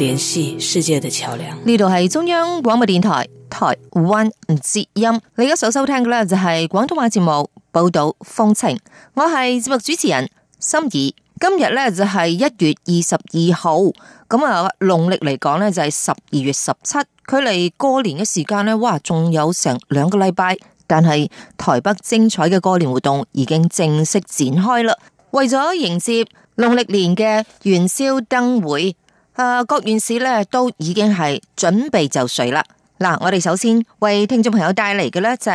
聯繫世界的橋樑。呢度係中央廣播電台台灣之音。你而家所收聽嘅呢，就係廣東話節目報導風情。我係節目主持人心儀。今日呢，就係一月二十二號，咁啊農曆嚟講呢，就係十二月十七，距離過年嘅時間呢，哇仲有成兩個禮拜。但係台北精彩嘅過年活動已經正式展開啦。為咗迎接農曆年嘅元宵燈會。呃，各縣市呢，都已經係準備就緒啦。嗱，我哋首先，為聽眾朋友帶嚟嘅呢，再，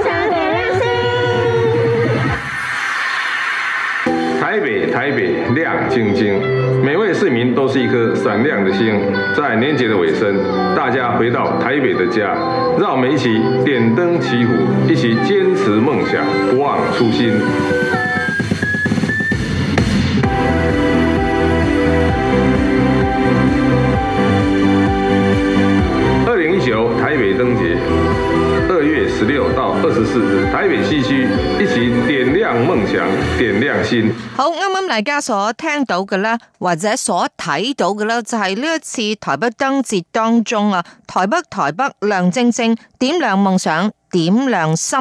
台北，台北，亮晶晶，每位市民都是一顆閃亮的星。在年節的尾聲，大家回到台北的家，讓我們一起點燈祈福，一起堅持夢想，不忘初心。二零一九台北燈節，二月十六到二十四日，台北西區。點亮心。好，啱啱大家所聽到嘅咧，或者所睇到嘅咧，就係呢一次台北燈節當中啊，台北台北亮晶晶，點亮夢想，點亮心。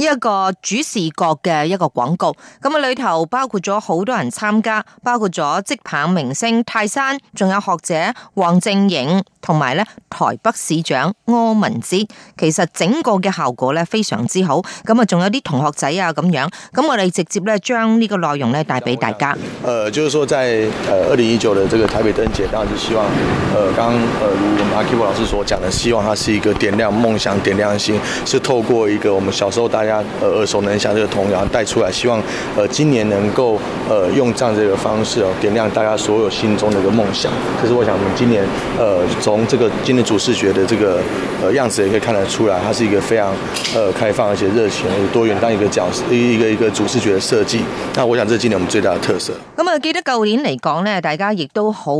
呢一個主視覺嘅一個廣告，咁啊裏頭包括咗好多人參加，包括咗職棒明星泰山，仲有學者黃正瑩，同埋咧台北市長柯文哲。其實整個嘅效果咧非常之好，咁啊仲有啲同學仔啊咁樣，咁我哋直接咧將呢個內容咧帶俾大家。誒、嗯呃，就是說在誒二零一九嘅這個台北燈節，當然是希望，誒、呃，剛誒，呃、如我們阿 Kibo 老師所講嘅，希望它是一個點亮夢想、點亮心，是透過一個我們小時候大家。家、呃、耳熟能詳這個童謠帶出來，希望，呃，今年能夠，呃，用這樣這個方式哦，點亮大家所有心中的一個夢想。其實我想，我們今年，呃，從這個今年主視覺的這個，呃，樣子也可以看得出來，它是一個非常，呃，開放而且熱情、多元，當一個角色，一個一個，一個主視覺的設計。那我想，這是今年我們最大的特色。咁啊，記得舊年嚟講呢，大家亦都好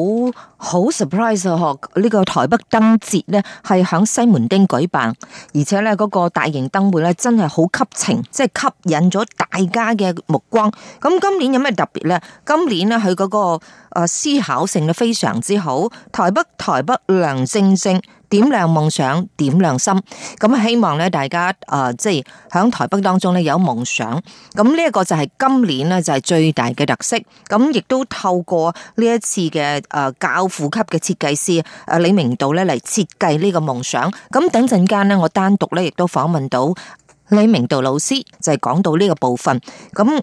好 surprise 哦，呢個台北燈節呢，係響西門町舉辦，而且呢、嗰個大型燈會呢，真係好。吸睛即係吸引咗大家嘅目光。咁今年有咩特別呢？今年呢，佢嗰個誒思考性咧非常之好。台北台北亮晶晶，點亮夢想，點亮心。咁希望咧，大家誒、呃、即係響台北當中咧有夢想。咁呢一個就係今年呢就係最大嘅特色。咁亦都透過呢一次嘅誒教父級嘅設計師誒李明道咧嚟設計呢個夢想。咁等陣間呢，我單獨咧亦都訪問到。李明道老師就係講到呢個部分，咁誒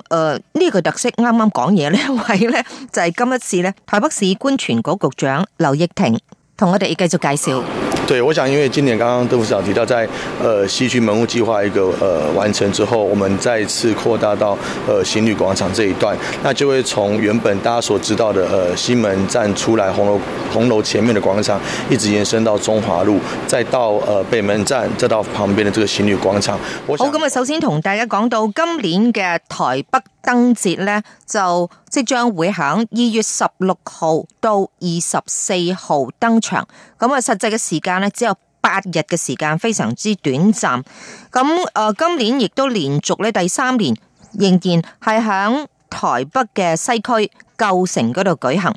呢個特色啱啱講嘢呢位呢，就係、是、今一次呢台北市觀傳局局長劉奕霆同我哋繼續介紹。對，我想，因為今年剛剛鄧副市長提到，在呃西區門戶計劃一個呃完成之後，我們再次擴大到呃行旅廣場這一段，那就會從原本大家所知道的呃西門站出來紅樓紅樓前面的廣場，一直延伸到中華路，再到呃北門站，再到旁邊的這個行旅廣場。我想好，咁啊，首先同大家講到今年嘅台北燈節呢，就即將會喺二月十六號到二十四號登場。咁啊，實際嘅時間呢，只有八日嘅時間，非常之短暫。咁誒，今年亦都連續呢第三年，仍然係響台北嘅西區舊城嗰度舉行。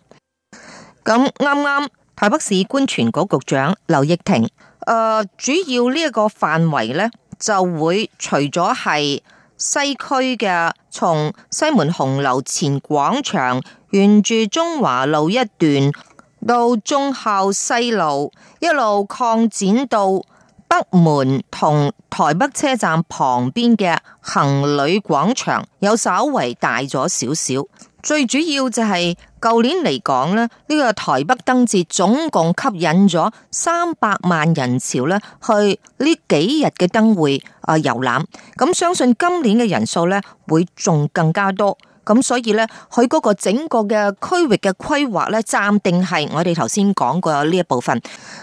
咁啱啱台北市觀傳局局長劉奕霆，誒、呃，主要呢一個範圍呢，就會除咗係西區嘅，從西門紅樓前廣場沿住中華路一段到忠孝西路一路擴展到北門同台北車站旁邊嘅行旅廣場，有稍為大咗少少。最主要就係、是、舊年嚟講咧，呢、這個台北燈節總共吸引咗三百萬人潮咧去呢幾日嘅燈會啊遊覽。咁相信今年嘅人數咧會仲更加多。咁所以咧，佢個整個嘅區域嘅規劃咧，暫定係我哋頭先講過呢一部分。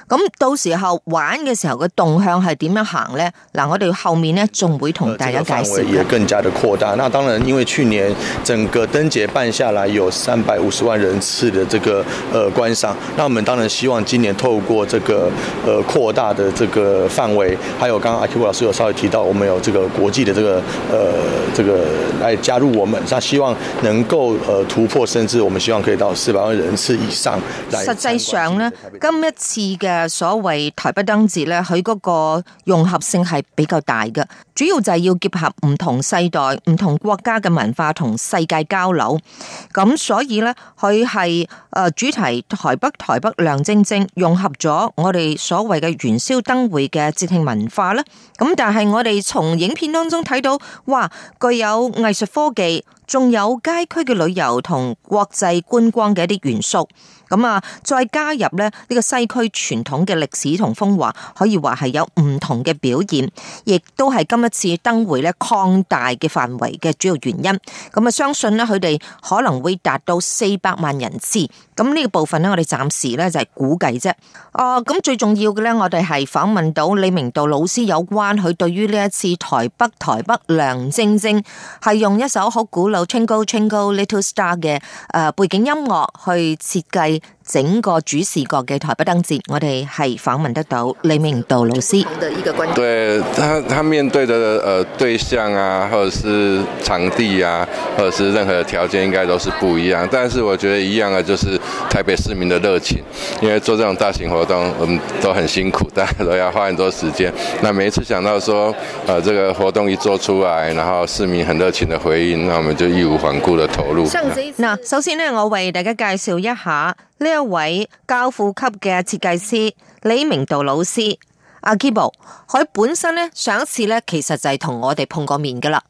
咁到時候玩嘅時候嘅動向係點樣行咧？嗱，我哋後面咧仲會同大家解釋，這個範圍也更加的擴大。那當然，因為去年整個燈節辦下來有三百五十萬人次的這個呃觀賞，那我們當然希望今年透過這個呃擴大的這個範圍，還有剛剛阿 Q 老師有稍微提到，我們有這個國際的這個呃這個來加入我們，那希望。能夠、呃、突破，甚至我們希望可以到四百萬人次以上。實際上呢，今一次嘅所謂台北燈節呢，佢嗰個融合性係比較大嘅。主要就係要結合唔同世代、唔同國家嘅文化同世界交流，咁所以呢，佢係誒主題台北台北亮晶晶，融合咗我哋所謂嘅元宵燈會嘅節慶文化咧。咁但係我哋從影片當中睇到，哇，具有藝術科技，仲有街區嘅旅遊同國際觀光嘅一啲元素。咁啊，再加入咧呢個西區傳統嘅歷史同風華，可以話係有唔同嘅表現，亦都係今一次燈會咧擴大嘅範圍嘅主要原因。咁啊，相信咧佢哋可能會達到四百萬人次。咁、這、呢個部分咧，我哋暫時咧就係估計啫。哦，咁最重要嘅咧，我哋係訪問到李明道老師有關佢對於呢一次台北台北亮晶晶係用一首好古老《Twinkle Twinkle Little Star》嘅誒背景音樂去設計。整個主視覺嘅台北燈節，我哋係訪問得到李明道老師。對他，他面對的誒對象啊，或者是場地啊，或者是任何條件，應該都是不一樣。但是我覺得一樣嘅，就是台北市民的熱情。因為做這種大型活動，我們都很辛苦，大家都要花很多時間。那每一次想到說，誒，這個活動一做出來，然後市民很熱情的回應，那我們就義無反顧的投入。嗱，首先呢，我為大家介紹一下。呢一位教父級嘅設計師李明道老師阿 Kibo 佢本身咧，上一次咧，其實就係同我哋碰過面噶啦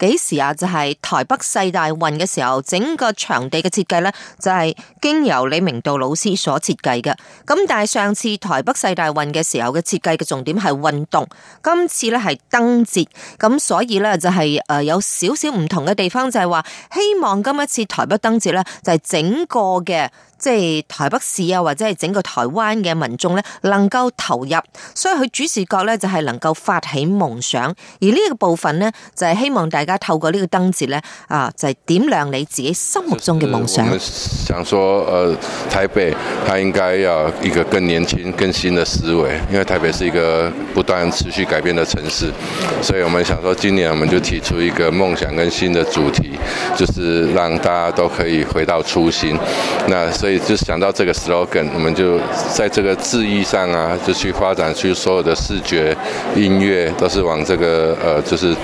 幾時啊？就係、是、台北世大運嘅時候，整個場地嘅設計呢，就係經由李明道老師所設計嘅。咁但係上次台北世大運嘅時候嘅設計嘅重點係運動，今次呢係燈節，咁所以呢，就係誒有少少唔同嘅地方，就係話希望今一次台北燈節呢，就係整個嘅即係台北市啊，或者係整個台灣嘅民眾呢，能夠投入，所以佢主視覺呢，就係能夠發起夢想，而呢個部分呢，就係希望大家。大家透過呢個燈節呢，啊，就係、是、點亮你自己心目中的夢想。就是、我們想說，呃台北，它應該要一個更年輕、更新的思維，因為台北是一個不斷持續改變的城市。所以，我們想說，今年我們就提出一個夢想跟新的主題，就是讓大家都可以回到初心。那所以就想到這個 slogan，我們就在這個字意上啊，就去發展，去所有的視覺、音樂，都是往這個，呃就是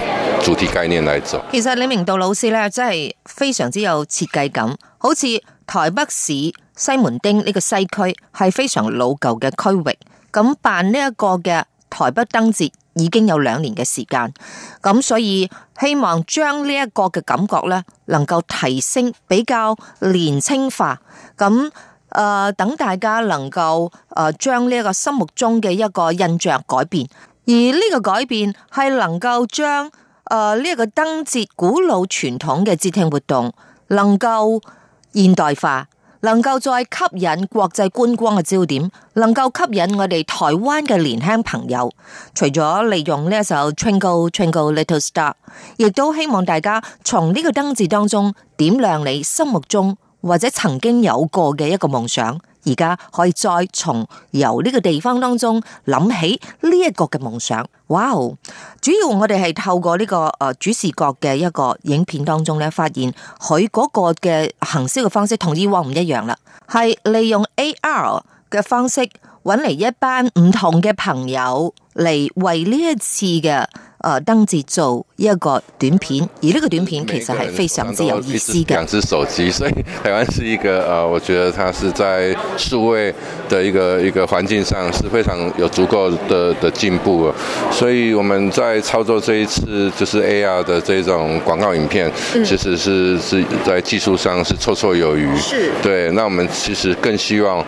主題概念來。其實，李明道老師咧，真係非常之有設計感。好似，台北市，呃，呢一個，這個燈節古老傳統嘅節慶活動，能夠現代化，能夠再吸引國際觀光嘅焦點，能夠吸引我哋台灣嘅年輕朋友。除咗利用呢一首《Twinkle Twinkle Little Star》，亦都希望大家從呢個燈節當中點亮你心目中或者曾經有過嘅一個夢想。而家可以再從由呢個地方當中諗起呢一個嘅夢想，哇！主要我哋係透過呢個誒主視角嘅一個影片當中咧，發現佢嗰個嘅行銷嘅方式同以往唔一樣啦，係利用 AR 嘅方式搵嚟一班唔同嘅朋友嚟為呢一次嘅。呃，登自做一個短片，而呢個短片其實係非常之有意思嘅。兩支手機，所以台灣是一個呃，我覺得它是在數位的一個一個環境上是非常有足夠的的進步了。所以我們在操作這一次就是 AR 的這種廣告影片，嗯、其實是是在技術上是綽綽有餘。是對，那我們其實更希望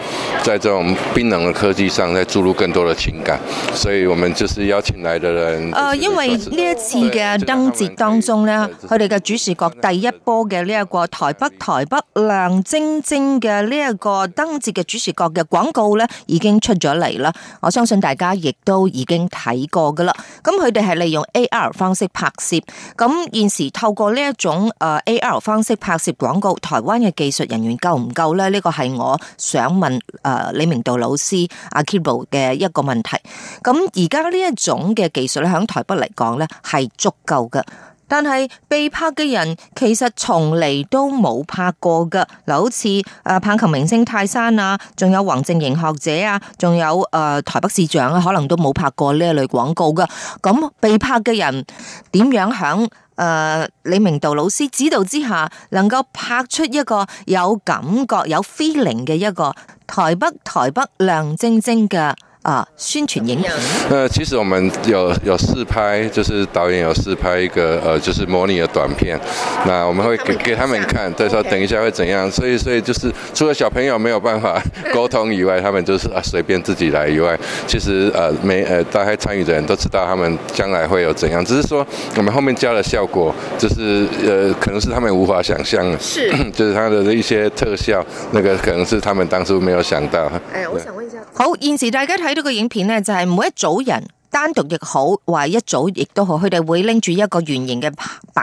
在這種冰冷的科技上再注入更多的情感，所以我們就是邀請來的人。呃，因為。呢一次嘅燈節當中咧，佢哋嘅主視角第一波嘅呢一個台北台北亮晶晶嘅呢一個燈節嘅主視角嘅廣告咧，已經出咗嚟啦。我相信大家亦都已經睇過噶啦。咁佢哋係利用 AR 方式拍攝，咁現時透過呢一種誒 AR 方式拍攝廣告，台灣嘅技術人員夠唔夠咧？呢、這個係我想問誒、呃、李明道老師阿 Kibo 嘅一個問題，咁而家呢一種嘅技術咧，響台北嚟，講咧係足夠噶，但係被拍嘅人其實從嚟都冇拍過噶，嗱，好似誒棒球明星泰山啊，仲有黃正瑩學者啊，仲有誒、呃、台北市長啊，可能都冇拍過呢一類廣告噶。咁被拍嘅人點樣響誒、呃、李明道老師指導之下，能夠拍出一個有感覺、有 feeling 嘅一個台北台北亮晶晶嘅？啊！宣傳影片，那其實我們有有試拍，就是導演有試拍一個，呃，就是模擬的短片，那我們會給他們給他們看，對，說等一下會怎樣，Okay。所以所以就是，除了小朋友沒有辦法溝通以外， 他們就是啊，隨便自己來以外，其實啊，沒、呃，呃，大概參與的人都知道他們將來會有怎樣，只是說我們後面加的效果，就是，呃，可能是他們無法想像，是， 就是他的一些特效，那個可能是他們當初沒有想到。哎、欸，我想問一下，好，現時大家睇。呢、這個影片咧就係每一組人單獨亦好，或者一組亦都好，佢哋會拎住一個圓形嘅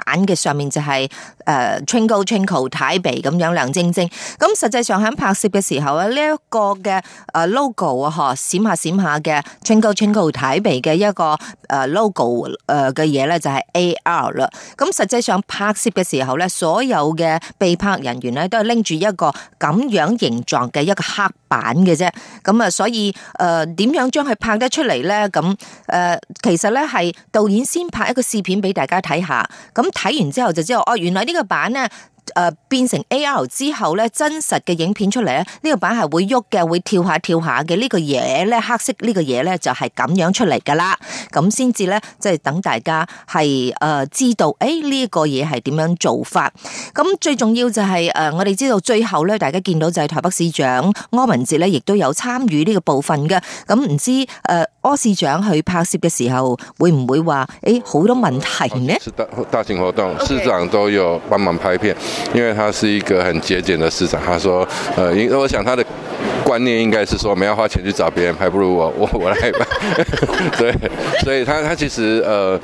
板嘅上面就係誒 twinkle twinkle 台北咁樣亮晶晶，咁實際上響拍攝嘅時候啊呢、這個、一個嘅誒 logo 啊嗬閃下閃下嘅 twinkle twinkle 台北嘅一個誒 logo 誒嘅嘢咧就係 AR 啦。咁實際上拍攝嘅時候咧，所有嘅被拍人員咧都係拎住一個咁樣形狀嘅一個黑板嘅啫。咁啊，所以誒點、呃、樣將佢拍得出嚟咧？咁誒，其實咧係導演先拍一個視頻俾大家睇下，咁。咁睇完之後就知道哦，原來呢個版咧誒、呃、變成 AR 之後咧，真實嘅影片出嚟咧，呢、這個版係會喐嘅，會跳下跳下嘅、這個、呢個嘢咧，黑色個呢個嘢咧就係、是、咁樣出嚟噶啦，咁先至咧即係等大家係誒、呃、知道，誒、哎、呢、這個嘢係點樣做法。咁最重要就係誒我哋知道最後咧，大家見到就係台北市長柯文哲咧，亦都有參與呢個部分嘅。咁唔知誒。呃柯市長去拍攝嘅時候，會唔會話誒、欸、好多問題呢？是大、大型活動，市長都有幫忙拍片，因為他是一個很節儉的市長。他說：呃，我想他的觀念應該是說，沒要花錢去找別人，還不如我我我來拍。 對，所以他，他他其實，呃。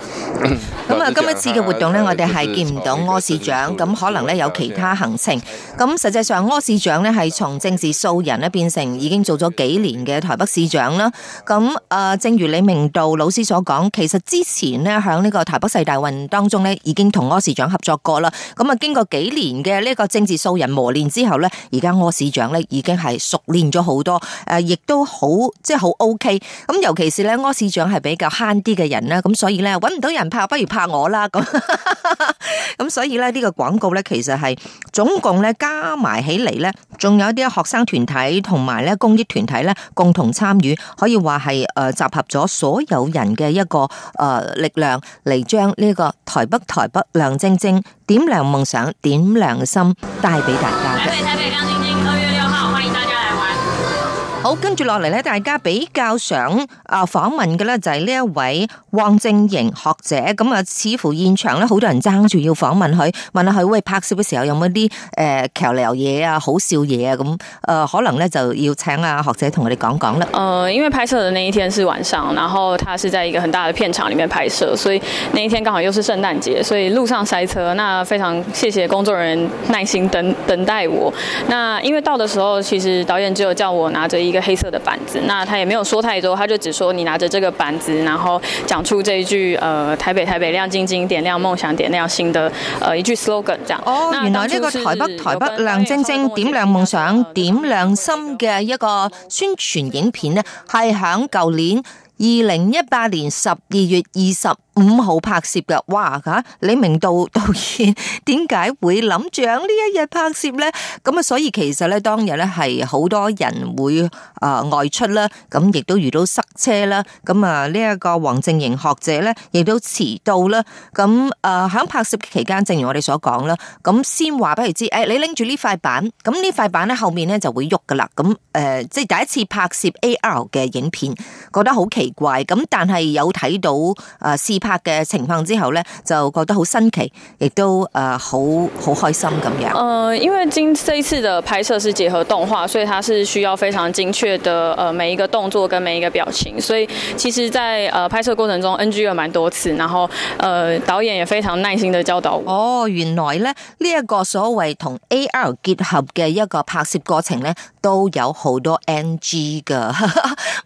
咁啊，今一次嘅活動咧，我哋係見唔到柯市長，咁可能咧有其他行程。咁實際上，柯市長咧係從政治素人咧變成已經做咗幾年嘅台北市長啦。咁啊，正如李明道老師所講，其實之前咧喺呢個台北世大運當中咧，已經同柯市長合作過啦。咁啊，經過幾年嘅呢個政治素人磨練之後咧，而家柯市長咧已經係熟練咗好多，誒，亦都好即係好 OK。咁尤其是咧，柯市長係比較慳啲嘅人啦，咁所以咧揾唔到人拍，不如拍。我啦，咁咁所以咧，呢個廣告咧，其實係總共咧加埋起嚟咧，仲有啲學生團體同埋咧公益團體咧，共同參與，可以話係誒集合咗所有人嘅一個誒力量嚟將呢個台北台北亮晶晶、點亮夢想、點亮心帶俾大家嘅。跟住落嚟咧，大家比較想啊訪問嘅咧，就係呢一位汪正瑩學者。咁啊，似乎現場咧，好多人爭住要訪問佢，問下佢喂拍攝嘅時候有冇啲誒橋流嘢啊，好笑嘢啊，咁、呃、誒，可能咧就要請啊學者同我哋講講啦。誒、呃，因為拍攝的那一天是晚上，然後他是在一個很大的片場裡面拍攝，所以那一天剛好又是聖誕節，所以路上塞車，那非常謝謝工作人員耐心等等待我。那因為到的時候，其實導演只有叫我拿着一個。黑色的板子，那他也沒有說太多，他就只說你拿着這個板子，然後講出這一句，呃，台北台北亮晶晶，點亮夢想，點亮心的，呃，一句 slogan。這樣哦，原來呢個台北台北亮晶晶，點亮夢想，點亮心嘅一個宣傳影片咧，係響舊年二零一八年十二月二十五號拍攝嘅哇吓！李明道導演點解會諗住呢一日拍攝咧？咁啊，所以其實咧當日咧係好多人會啊外出啦，咁亦都遇到塞車啦。咁啊呢一個黃正瑩學者咧亦都遲到啦。咁誒響拍攝期間，正如我哋所講啦，咁先話俾佢知，誒你拎住呢塊板，咁呢塊板咧後面咧就會喐噶啦。咁誒即係第一次拍攝 AR 嘅影片，覺得好奇怪。咁但係有睇到誒試。拍嘅情況之後呢，就覺得好新奇，亦都誒好好開心咁樣。誒、呃，因為今這一次的拍攝是結合動畫，所以它是需要非常精確的誒、呃、每一個動作跟每一個表情。所以其實在，在、呃、誒拍攝過程中，NG 有蠻多次，然後誒、呃、導演也非常耐心的教導我。哦，原來呢，呢、這、一個所謂同 AR 結合嘅一個拍攝過程呢，都有好多 NG 噶，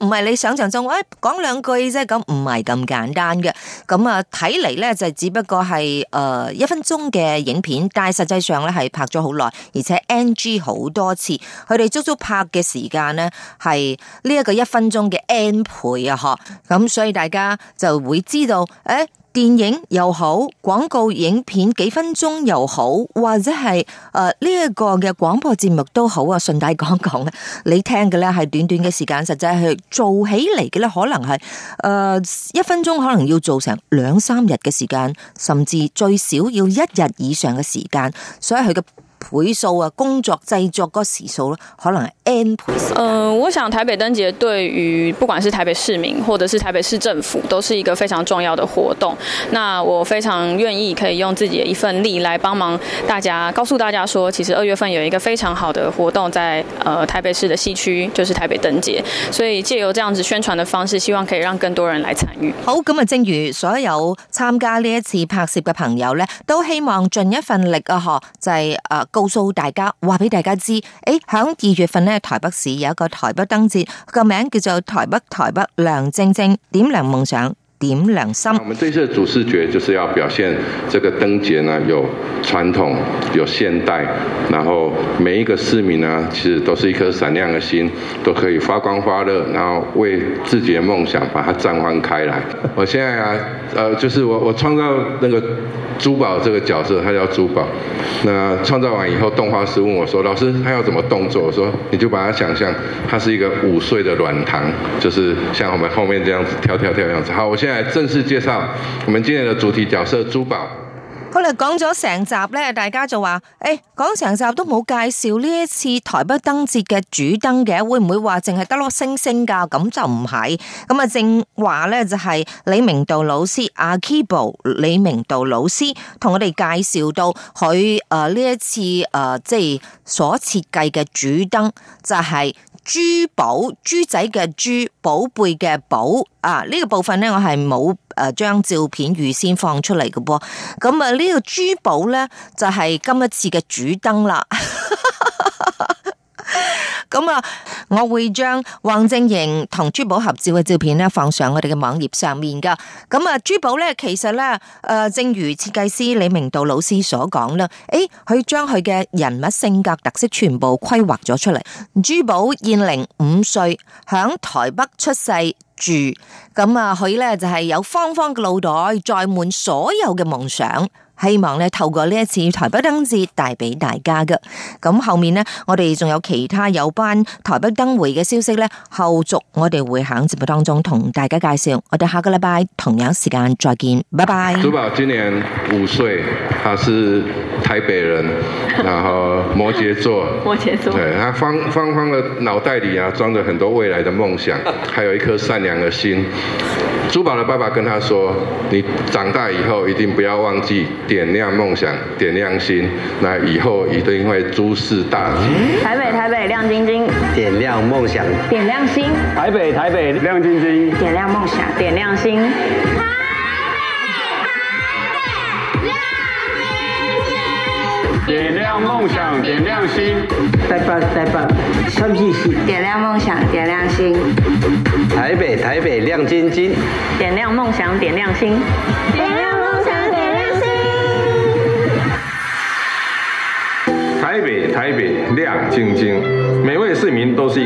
唔 係你想象中誒講兩句啫，咁唔係咁簡單嘅。咁啊，睇嚟咧就只不過係誒一分鐘嘅影片，但係實際上咧係拍咗好耐，而且 NG 好多次，佢哋足足拍嘅時間咧係呢一個一分鐘嘅 N 倍啊！嗬，咁所以大家就會知道誒。欸電影又好，廣告影片幾分鐘又好，或者係誒呢一個嘅廣播節目都好啊。順帶講講啊，你聽嘅咧係短短嘅時間，實際係做起嚟嘅咧，可能係誒、呃、一分鐘可能要做成兩三日嘅時間，甚至最少要一日以上嘅時間，所以佢嘅。倍數啊，工作製作嗰時數咧，可能係 n 倍數。嗯、呃，我想台北燈節對於不管是台北市民，或者是台北市政府，都是一個非常重要的活動。那我非常願意可以用自己的一份力來幫忙大家，告訴大家說，其實二月份有一個非常好的活動，在呃台北市的西區，就是台北燈節。所以借由這樣子宣傳的方式，希望可以讓更多人來參與。好，咁啊，正如所有參加呢一次拍攝嘅朋友呢，都希望盡一份力啊，嗬、就是，在、呃。係告訴大家，話畀大家知，誒，響二月份呢，台北市有一個台北燈節，個名叫做台北台北亮晶晶，點亮夢想。點亮心，啊？我們這次的主視覺就是要表現這個燈節呢，有傳統，有現代，然後每一個市民呢，其實都是一顆閃亮的心，都可以發光發熱，然後為自己的夢想把它綻放開來。我現在啊，呃，就是我我創造那個珠寶這個角色，它叫珠寶。那創造完以後，動畫師問我說：，老師，它要怎麼動作？我說：，你就把它想象，它是一個五歲的軟糖，就是像我們後面這樣子跳跳跳樣子。好，我現在正式介紹我們今天的主題角色珠寶。我哋講咗成集咧，大家就話，誒、欸，講成集都冇介紹呢一次台北燈節嘅主燈嘅，會唔會話淨係得粒星星噶？咁就唔係，咁啊正話咧就係、是，李明道老師 Akibo 李明道老師同我哋介紹到佢誒呢一次誒、呃、即係所設計嘅主燈就係、是。豬寶，豬仔嘅豬，寶貝嘅寶啊，呢、這個部分呢，我係冇誒將照片預先放出嚟嘅噃，咁啊呢個豬寶呢，就係、是、今一次嘅主燈啦。 咁啊，我會將黃正瑩同珠寶合照嘅照片呢，放上我哋嘅網頁上面噶。咁啊，珠寶呢，其實呢，誒，正如設計師李明道老師所講啦，誒，佢將佢嘅人物性格特色全部規劃咗出嚟。珠寶現齡五歲，響台北出世住，咁啊，佢呢，就係有方方嘅腦袋，載滿所有嘅夢想。希望透過呢一次台北燈節帶俾大家㗎，咁後面呢，我哋仲有其他有關台北燈會嘅消息呢，後續我哋會喺節目當中同大家介紹。我哋下個禮拜同樣時間再見，拜拜。珠寶今年五歲，他是台北人， 然後摩羯座，摩羯座，佢方方方嘅腦袋裏啊裝着很多未來的夢想，還有一顆善良嘅心。珠寶嘅爸爸跟他說：你長大以後一定不要忘記。點亮夢想，點亮心，那以後一定會諸事大吉。台北台北亮晶晶，點亮夢想，點亮心。台北台北亮晶晶，點亮夢想，點亮心。台北台北亮晶晶，點亮夢想，點亮心。再棒再棒，上氣點亮夢想，點亮心。台北台北亮晶晶，點亮夢想，點亮心。台北亮晶晶，每位市民都是。